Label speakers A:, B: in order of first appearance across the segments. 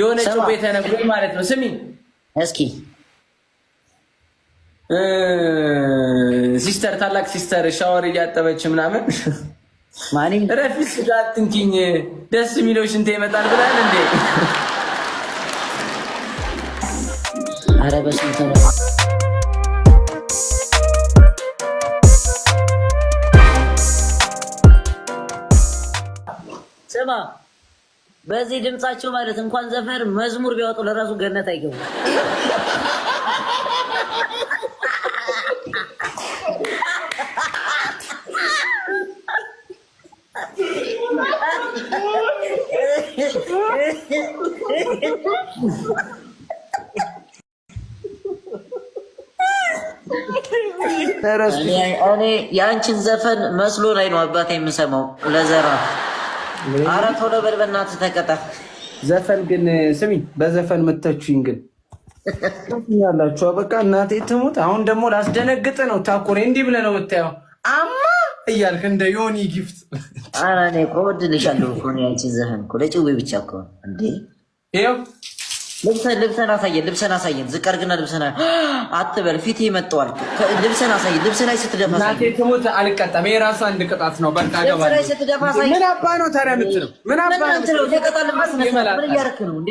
A: የሆነችው ቤተ የተነገረ ማለት ነው። ስሚ እስኪ ሲስተር ታላቅ ሲስተር ሻወር እያጠበች ምናምን ረፊ ስጋ አትንኪኝ፣ ደስ የሚለው ሽንቴ ይመጣል ብላል እንዴ?
B: ስማ በዚህ ድምጻቸው ማለት እንኳን ዘፈን መዝሙር ቢያወጡ ለራሱ ገነት አይገቡ። እኔ የአንቺን ዘፈን መስሎ ላይ ነው አባት የምሰማው ለዘራ ኧረ ቶሎ በል በእናትህ ተቀጣ።
A: ዘፈን ግን ስሚ፣ በዘፈን መተችኝ ግን ያላችሁ በቃ እናቴ ትሙት። አሁን ደግሞ ላስደነግጥ ነው። ታኩሬ እንዲህ ብለህ ነው የምታየው አማ እያልክ እንደ ዮኒ ጊፍት።
B: ኧረ እኔ እኮ ዘፈን ለጭዌ ብቻ እኮ እንዴ ይኸው ልብሰን ልብሰን አሳየን፣ ልብሰን አሳየን። ዝቅ አድርግና ልብሰን አትበል፣ ፊት መጠዋል ልብሰን አሳየን። ልብሰን ላይ ስትደፋ
A: ትሙት፣ አልቀጣም። ይሄ ራሱ አንድ ቅጣት ነው። በቃ ምን አባ ነው ታዲያ የምትለው?
B: ምን አባ ነው የቀጣል? ምን እያደረክ ነው እንዴ?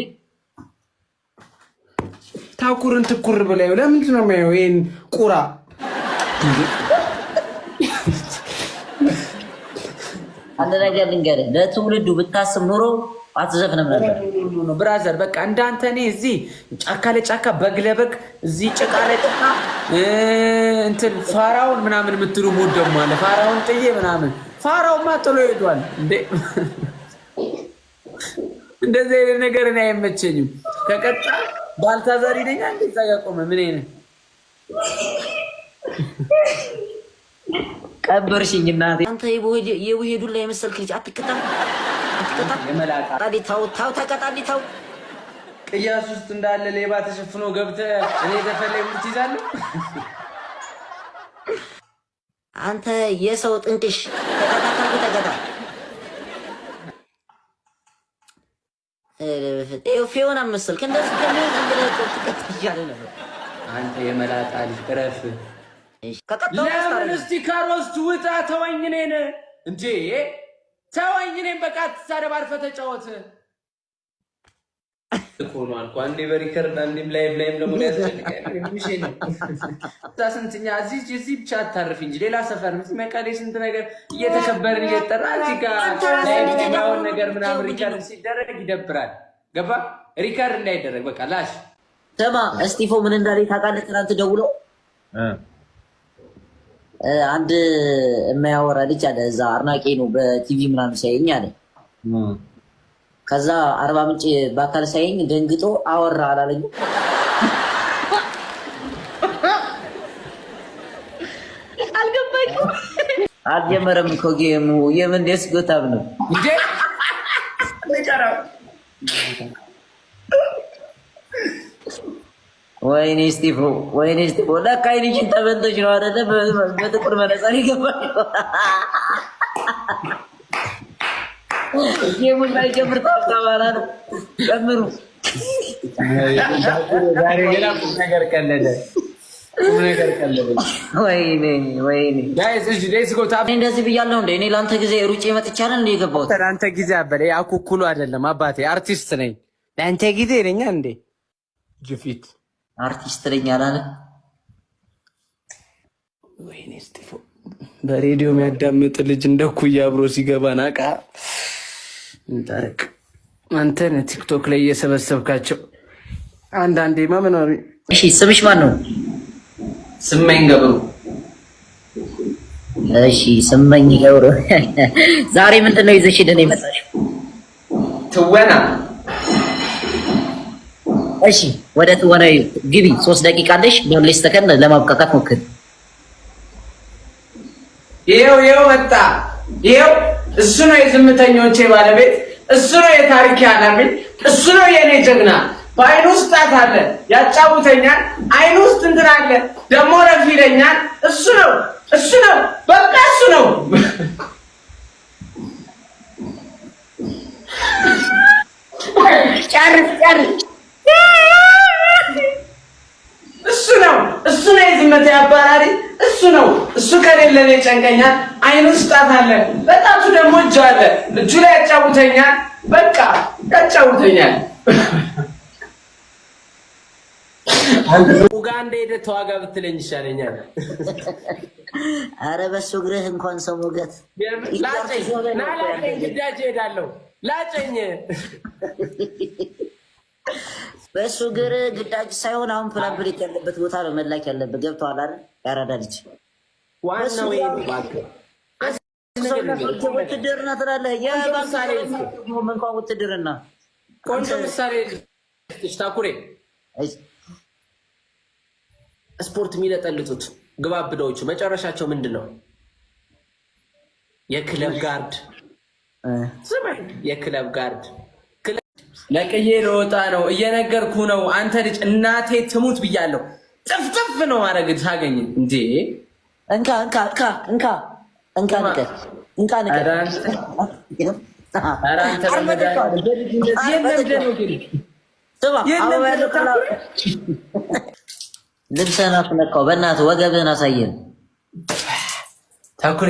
A: ታኩርን ትኩር ብላ ለምንድን ነው የሚያየው? ይህን ቁራ
B: አንድ ነገር ልንገርህ፣ ለትውልዱ ብታስብ ኑሮ አትዘፍንም ነበር።
A: ብራዘር በቃ እንዳንተ እኔ እዚህ ጫካ ለጫካ በግ ለበግ እዚህ ጭቃ ለጭቃ እንትን ፋራውን ምናምን የምትሉ ሙድ ደግሞ አለ። ፋራውን ጥዬ ምናምን ፋራውማ ጥሎ ሄዷል። እንደዚህ አይነት ነገር እኔ አይመቸኝም። ከቀጣ ባልታዛር ባልታዛሪ እንዴ? እንደዛ ያቆመ ምን አይነት
B: ቀበርሽኝ እናቴ አንተ ላይ የመሰልክ ልጅ አትከታም ተው ተው፣ ተቀጣቢ ተው።
A: ቅያስ ውስጥ እንዳለ ሌባ ተሸፍኖ ገብተህ እኔ ተፈለይ ምርት ይዛለሁ።
B: አንተ የሰው ጥንቅሽ ተቀጣቀቁ ተቀጣ ፊዮና መሰልክ እንደዚህ ከሚሆን
A: ነበር። አንተ የመላጣ ልጅ እረፍ። ለምን እስቲ ከሮስት ውጣ ተወኝ። እኔን እንዴ ተወኝ። እኔም በቃ አትሳደብ፣ አርፈህ ተጫወት አንዴ በሪከርድ አንዴም ላይቭ ላይም ደግሞ ያስፈልጋል። ስንትኛ እዚህ ብቻ አታርፍ እንጂ ሌላ ሰፈር መቀሌ ስንት ነገር እየተከበርን እየተጠራ እዚህ ጋር ነገር ምናምን ሪከርድ ሲደረግ ይደብራል። ገባ ሪከርድ እንዳይደረግ በቃ ላሽ
B: ተማ እስጢፎ ምን እንዳለ ታውቃለህ? ትናንት ደውለው አንድ የማያወራ ልጅ አለ እዛ አርናቄ ነው በቲቪ ምናምን ሳይኝ አለ። ከዛ አርባ ምንጭ በአካል ሳይኝ ደንግጦ አወራ አላለኝ። አልጀመረም እኮ ጌሙ። የምን ደስ ጎታብ ነው። ወይኔ ስቲፎ ወይኔ ስቲፎ ለካ አይንሽን ተበልተሽ ነው አይደለ? በጥቁር መነጽር ይገባል። ጌሙን ላይ ጀምር ታባላ ነው ጀምሩ።
A: ነገር ቀለደ፣
B: ነገር ቀለደ። ወይኔ ወይኔ እንደዚህ ብያለሁ እኔ ለአንተ ጊዜ ሩጬ መጥቻለሁ እንዴ የገባሁት?
A: ለአንተ ጊዜ አበለ አኩኩሉ አይደለም አባቴ፣ አርቲስት ነኝ።
B: ለአንተ ጊዜ ነኛ እንዴ ጅፊት አርቲስት ነኝ አላለ።
A: ወይኔ እስጢፎ በሬዲዮ የሚያዳምጥ ልጅ እንደ ኩያ አብሮ ሲገባ ናቃ እንጠረቅ አንተን ቲክቶክ ላይ እየሰበሰብካቸው አንዳንዴ ማመኖሪ።
B: እሺ ስምሽ ማን ነው?
A: ስመኝ ገብሩ።
B: እሺ ስመኝ ገብሩ፣ ዛሬ ምንድን ነው ይዘሽ ደን የመጣሽው? ትወና እሺ ወደ ወደ ግቢ ሶስት ደቂቃ አለሽ። መልስ ተከን ለማብቃቃት ሞክር።
A: ይሄው ይሄው መጣ። ይሄው እሱ ነው የዝምተኞቼ ባለቤት፣ እሱ ነው የታሪክ ያናብኝ፣ እሱ ነው የኔ ጀግና። በአይኑ ውስጥ ጣት አለ ያጫውተኛል፣ አይኑ ውስጥ እንትን አለ ደግሞ ረፍ ይለኛል። እሱ ነው እሱ ነው በቃ እሱ ነው።
B: ጨርስ ጨርስ
A: እሱ ነው የዝመት አባራሪ እሱ ነው። እሱ ከሌለ እኔ ጨንቀኛል። አይኑ ስጣት አለ፣ በጣቱ ደግሞ እጁ አለ። እጁ ላይ ያጫውተኛል፣ በቃ ያጫውተኛል። ኡጋንዳ ሄደ ተዋጋ ብትለኝ ይሻለኛል።
B: አረ በሱ እግርህ እንኳን ሰው ሞገት
A: ላጨኝ፣ ግዳጅ ሄዳለሁ ላጨኝ
B: በእሱ እግር ግዳጅ ሳይሆን አሁን ፕላብሪክ ያለበት ቦታ ነው መላክ ያለበት። ገብተዋል አይደል? ያራዳ ልጅ ውትድርና ትላለህ። እንኳን ውትድርና
A: ቆንጆ ምሳሌ ታኩሬ ስፖርት የሚለጠልጡት ግባብዳዎቹ መጨረሻቸው ምንድን ነው? የክለብ ጋርድ የክለብ ጋርድ ለቅዬ ለወጣ ነው እየነገርኩ ነው። አንተ ልጅ እናቴ ትሙት ብያለሁ። ጥፍጥፍ ነው ማድረግ ታገኝ እንዴ
B: እንካ እንካ እንካ እንካ እንካ ንቀት እንካ ንቀት ልብስህን አስነካው። በእናትህ ወገብህን አሳየን።
A: ተኩሬ